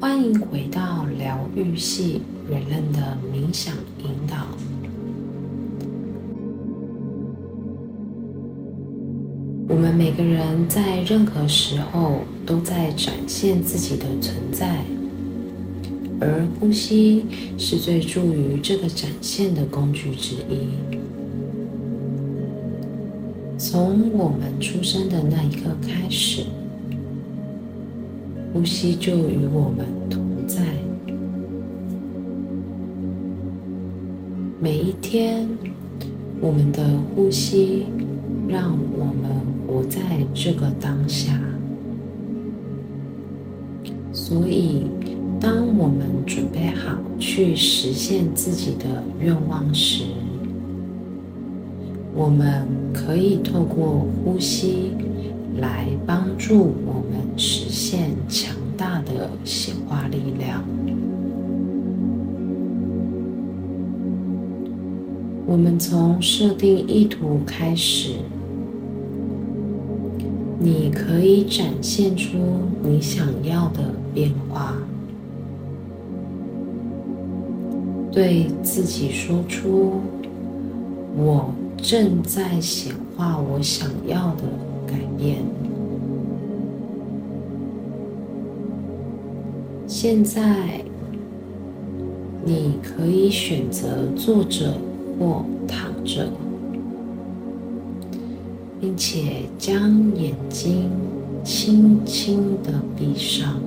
歡迎回到療癒系睿睿的冥想引導。我們每個人在任何時候都在展現自己的存在，而呼吸是最助於這個展現的工具之一。從我們出生的那一刻開始。呼吸就與我們同在。每一天，我們的呼吸讓我們活在這個當下。所以，當我們準備好去實現自己的願望時，我們可以透過呼吸。來幫助我們實現強大的顯化力量。我們從設定意圖開始，你可以展現出你想要的變化。對自己說出：“我正在顯化我想要的。”改變。現在，你可以選擇坐着或躺着，並且將眼睛輕輕的閉上。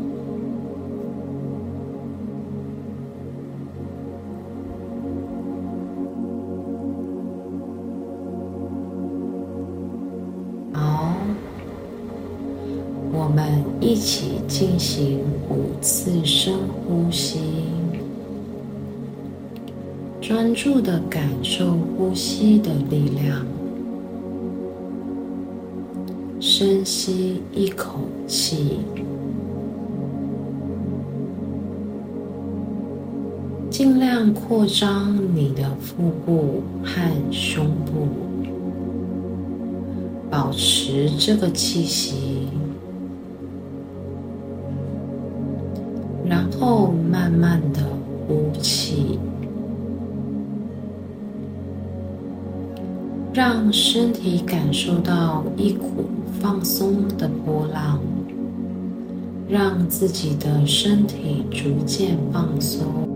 我們一起進行五次深呼吸，專注的感受呼吸的力量。深吸一口氣，盡量擴張你的腹部和胸部，保持這個氣息。然後慢慢的呼氣，讓身體感受到一股放鬆的波浪，讓自己的身體逐漸放鬆。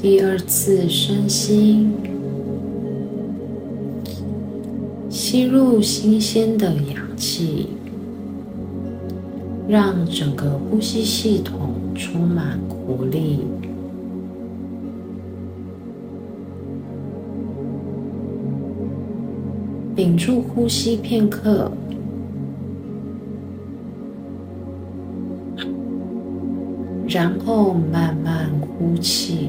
第二次深吸，吸入新鮮的氧氣，讓整個呼吸系統充滿活力。屏住呼吸片刻，然後慢慢呼氣。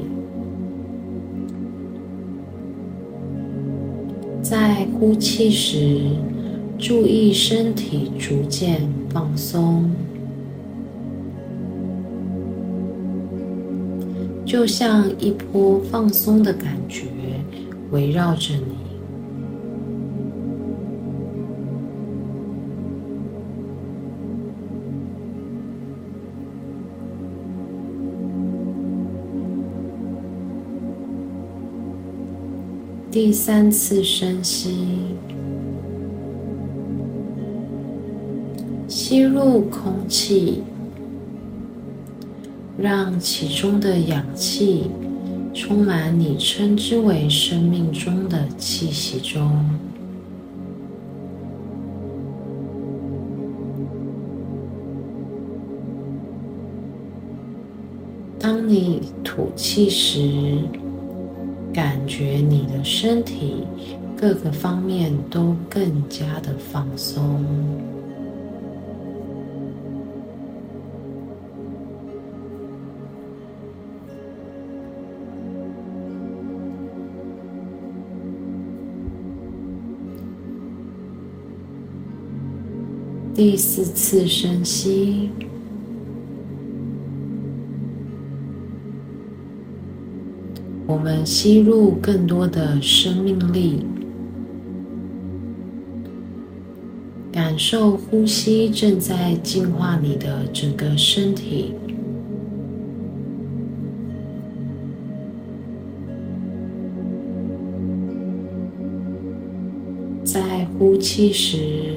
在呼氣時，注意身體逐漸放鬆，就像一波放鬆的感覺圍繞着你。第三次深吸，吸入空氣，讓其中的氧氣充滿你稱之為生命中的氣息中。當你吐氣時，感覺你的身體各個方面都更加的放鬆。第四次深吸。我們吸入更多的生命力，感受呼吸正在淨化你的整個身體。在呼氣時，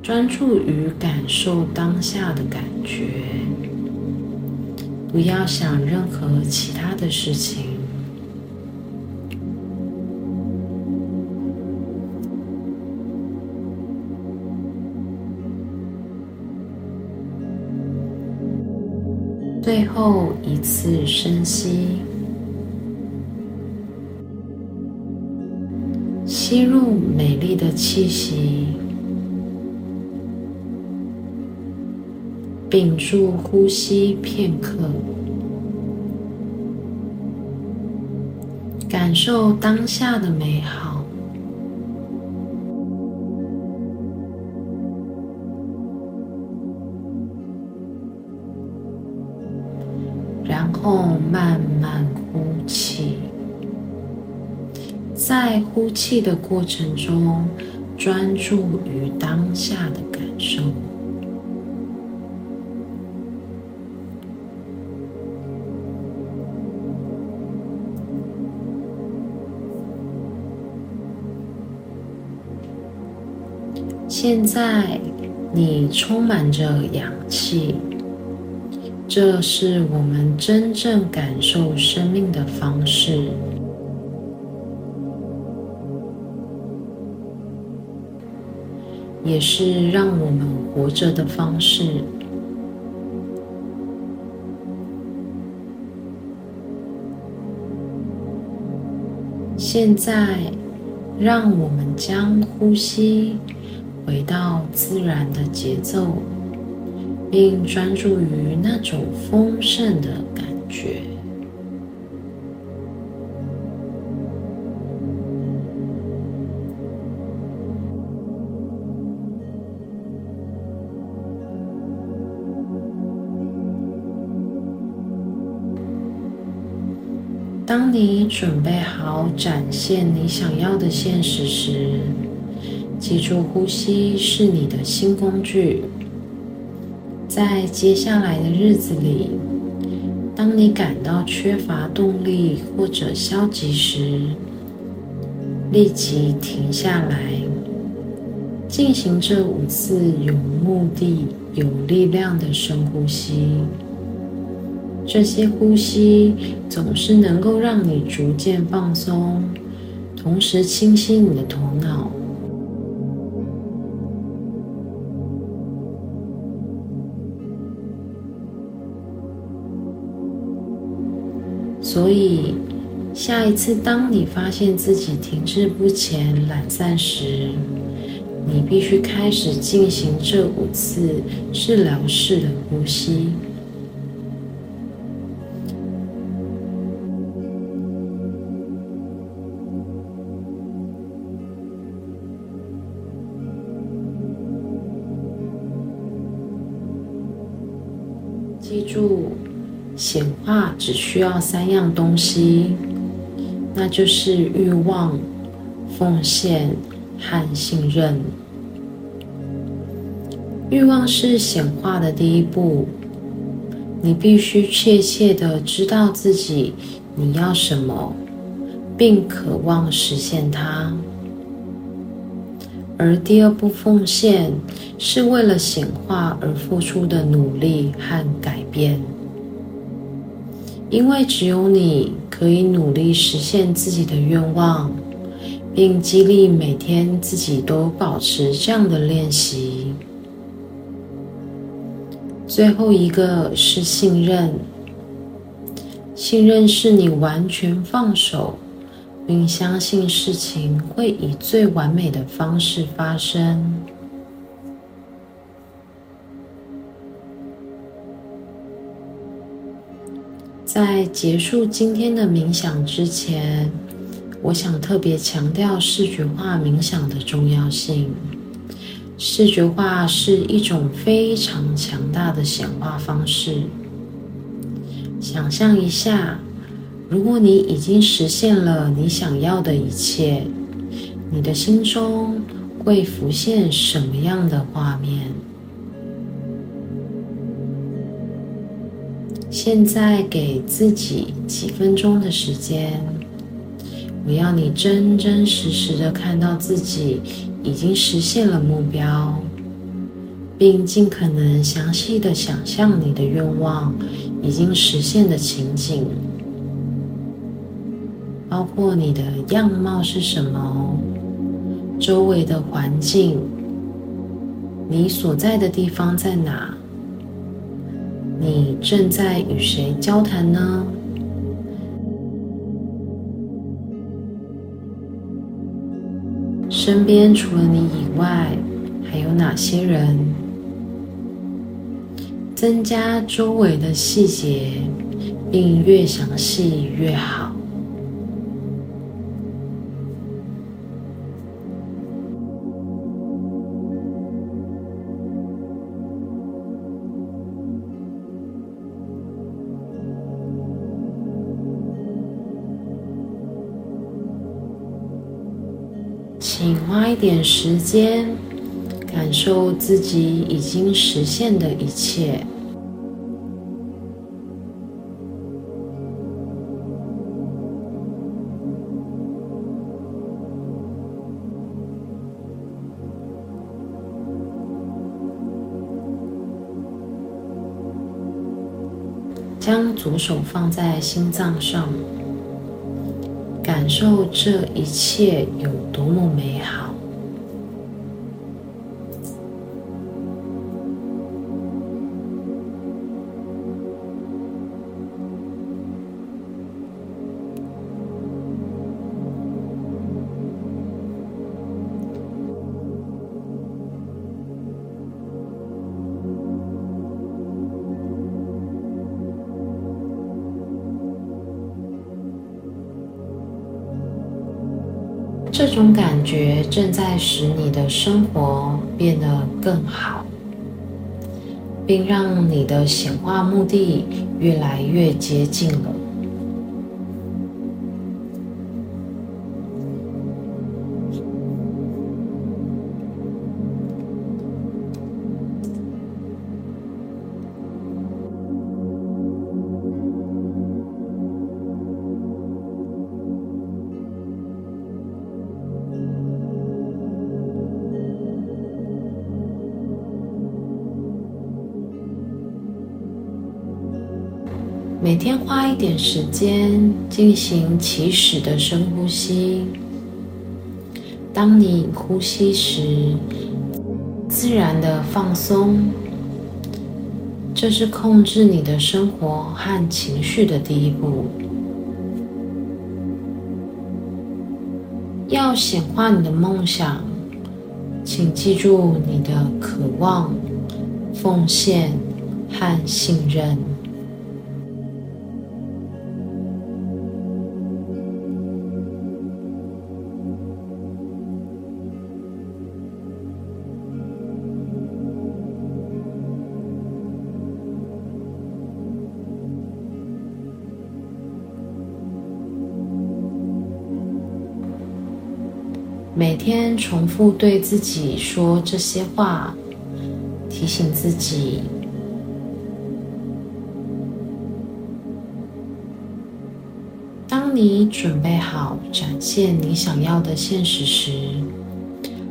專注於感受當下的感覺，不要想任何其他的事情。最後一次深吸，吸入美麗的氣息，屏住呼吸片刻，感受當下的美好。後、哦、慢慢呼氣，在呼氣的過程中，專注於當下的感受。現在，你充滿着氧氣。這是我們真正感受生命的方式，也是讓我們活着的方式。現在，讓我們將呼吸回到自然的節奏。並專注於那種豐盛的感覺。當你準備好展現你想要的現實時，記住呼吸是你的新工具。在接下來的日子裡，當你感到缺乏動力或者消極時，立即停下來，進行這五次有目的、有力量的深呼吸。這些呼吸總是能夠讓你逐漸放鬆，同時清晰你的頭腦。所以，下一次當你發現自己停滯不前、懶散時，你必須開始進行這五次治療式的呼吸。記住。顯化只需要三樣東西，那就是慾望、奉獻和信任。慾望是顯化的第一步，你必須確切的知道自己你要什麼，並渴望實現它。而第二步奉獻是為了顯化而付出的努力和改變。因為只有你可以努力實現自己的願望，並激勵每天自己都保持這樣的練習。最後一個是信任，信任是你完全放手，並相信事情會以最完美的方式發生。在結束今天的冥想之前，我想特別強調視覺化冥想的重要性。視覺化是一種非常強大的顯化方式。想象一下，如果你已經實現了你想要的一切，你的心中會浮現什麼樣的畫面？現在給自己幾分鐘的時間，我要你真真實實的看到自己已經實現了目標，並盡可能詳細的想象你的願望已經實現的情景，包括你的樣貌是什麼，周圍的環境，你所在的地方在哪？你正在與誰交談呢？身邊除了你以外，還有哪些人？增加周圍的細節，並越詳細越好。點時間，感受自己已經實現的一切。將左手放在心臟上，感受這一切有多麼美好。這種感覺正在使你的生活變得更好，並讓你的顯化目的越來越接近了。每天花一點時間進行起始的深呼吸。當你呼吸時，自然的放鬆。這是控制你的生活和情緒的第一步。要顯化你的夢想，請記住你的渴望、奉獻和信任。每天重複對自己說這些話，提醒自己。當你準備好展現你想要的現實時，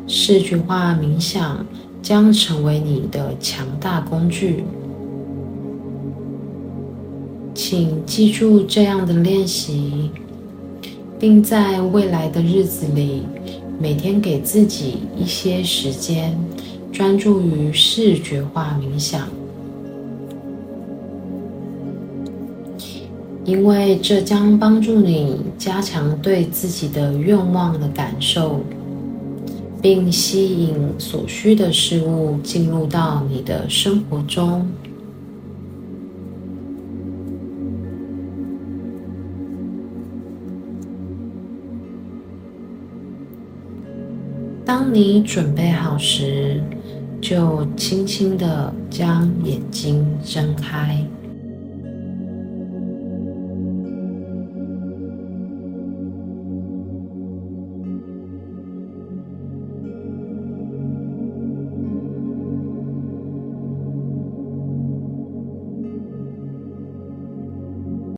四句話冥想將成為你的強大工具。請記住這樣的練習，並在未來的日子裡。每天給自己一些時間，專注於視覺化冥想。因為這將幫助你加強對自己的願望的感受，並吸引所需的事物進入到你的生活中。當你準備好時，就輕輕地將眼睛睜開。